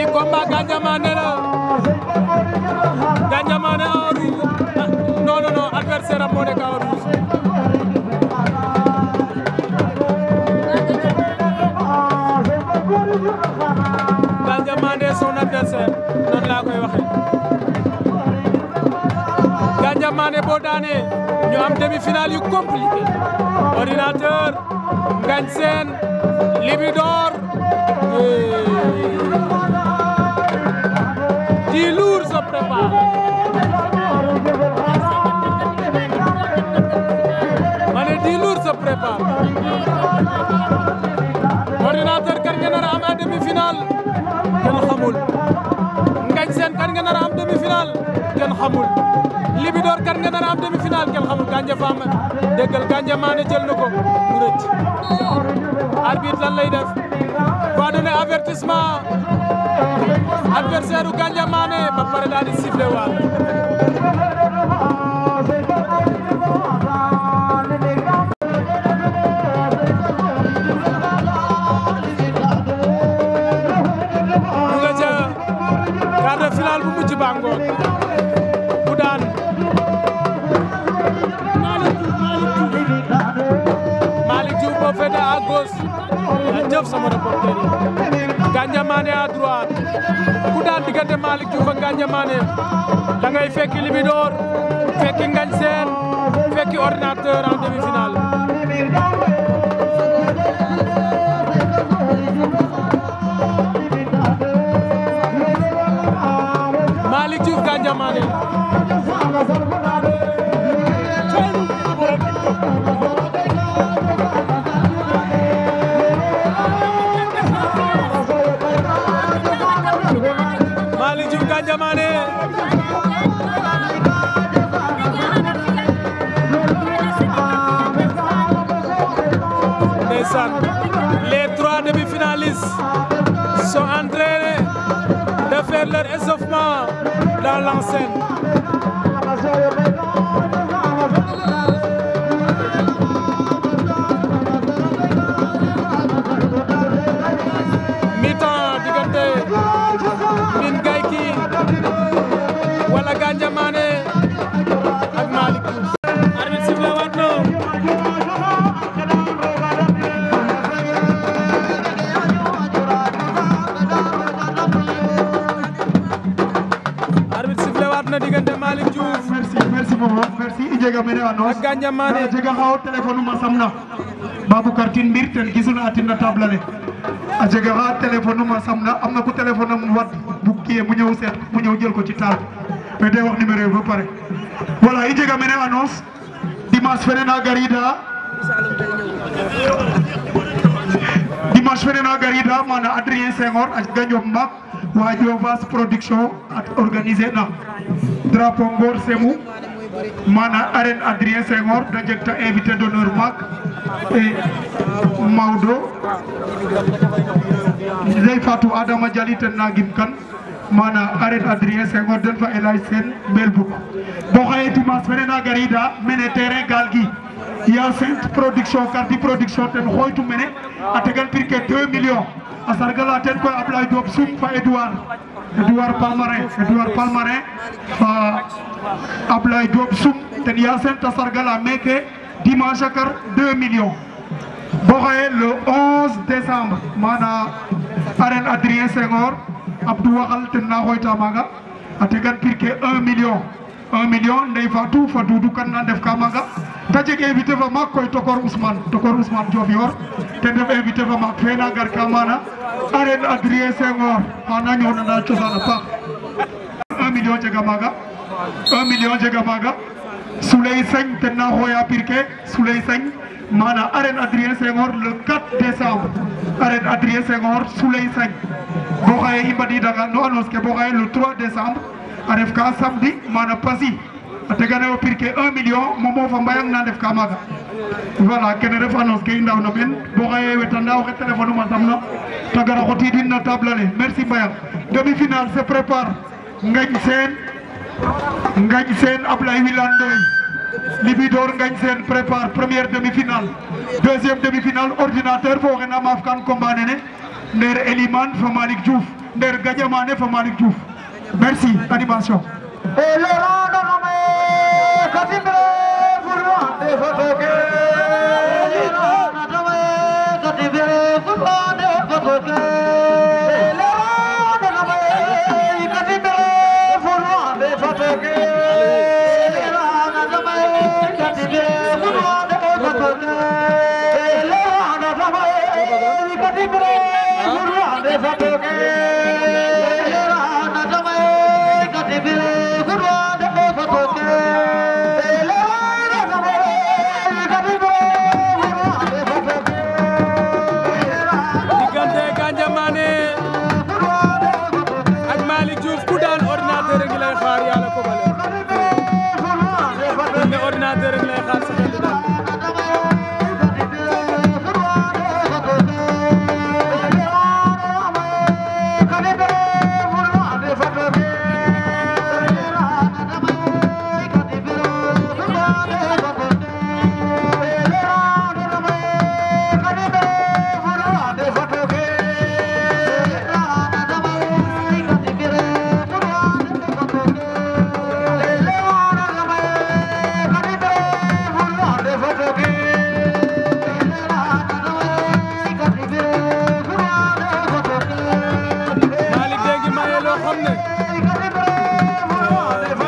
lii combat Gandia Mané la Gandia Mané en rouge non non non adversaire am moo nekk en rouge Gandia Mané son adversaire nan laa koy waxee Gandia Mané boo daanee ñu am demi-finale yu compliqué ordinateur Ngagne Sène Libidor xamul Libidor kan nga nar a am demi-finale kenn xamul Gandia Fama déggal Gandia Mané jël na ko mu rëcc lan lay def va donner avertissement adversaire ba pare daal di sifflé waat mu nga bu mujj ba ngoon Gandia Mané à droite ku daan diggante Malick Diouf ak Gandia Mané da ngay fekki Libidor fekki Ngagne Sène fekki ordinateur en demi-finale Malick Diouf Malick Diouf Gandia Mané ndeysaan les trois demi-finalistes sont en train de faire leur échauffement dans l'enceinte Siteu wala Gandia Mané ak Malick Diouf arbitre sifflé waat na arbitre sifflé waat na diggante Malick Diouf merci merci maman merci i jega mene a noos ak Gandia Mané jega xa o téléphone um a samna Baboucar Tine mbir ten gisuna a tin na table ale a jega xa téléphone um a samna am na ku téléphone am wad kii mu mu ñëw jël ko ci taal mais day wax numéro yi ba pare voilà i jega mene annonce dimanche fene na garida dimanche fene na garida mana Adrien Senghor a gañof mbaak wa Diofas production organiser na drapeau Ngor Semou mana arène Adrien Senghor da jeg ta invité d'honneur maak e Maodo ley Fatou Adama Diali ten na gim kan mana arrêt Adrien Senghor den fa El Hadj Sène Mbelbouck dimanche fene na garida mene terrain gi ya production Cardi production ten xooytu mene a tegan prix ke 2 a sargala ten koy Ablaye Diop sum fa Edouard Edouard Palmarin Edouard Palmarin fa Ablaye Diop sum ten ya a sargala meke dimanche a kar 2 millions le décembre mana arène Adrien Senghor Abdou waxal ten na xooyta maaga a tegan piir ke un million un million Ndeye Fatou fo Doudou kan na ndef ka maaga te jeg invité fa maak koy Tokor Ousmane Tokor Ousmane Diofior ten ref invité fa maak fe na gar ka mana arène Adrien Senghor mana ñoonana cosaan a paax un million jega maaga un million jega maaga Souley Seng ten na xooya piir ke Souley Seng mana arène Adrien Senghor le 4 décembre arène Adrien Senghor Souley Seng bo xaye i mbadidanga no annonce ke bo xaye le 3 décembre a ref ka samedi mana Passy a teganayo prix ke 1 million momof a mbayang na ndef ka maaga voilà kene ref annonce ke i ndawna meen bo xaye wetanda oxe téléphone um a damna ta gara xotidin na table merci Mbayang demi-finale se prépare Ngagne Sène Ngagne Sène Ablaye Wilane Ndoye Libidor gagne sen prépare première demi-finale deuxième demi-finale ordinateur fogena maaf kan combat nene nder Elimane fo Malick Diouf nder Gadiamane fo Malick Diouf merci animation e lorando nome katimbere pour moi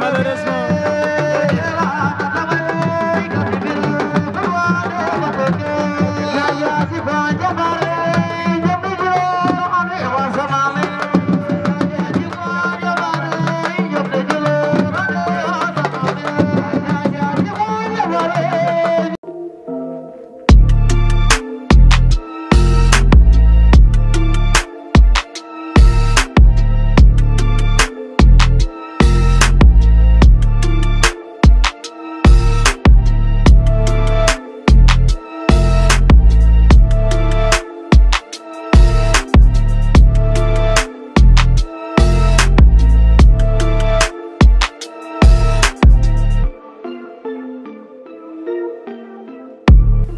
Madresma.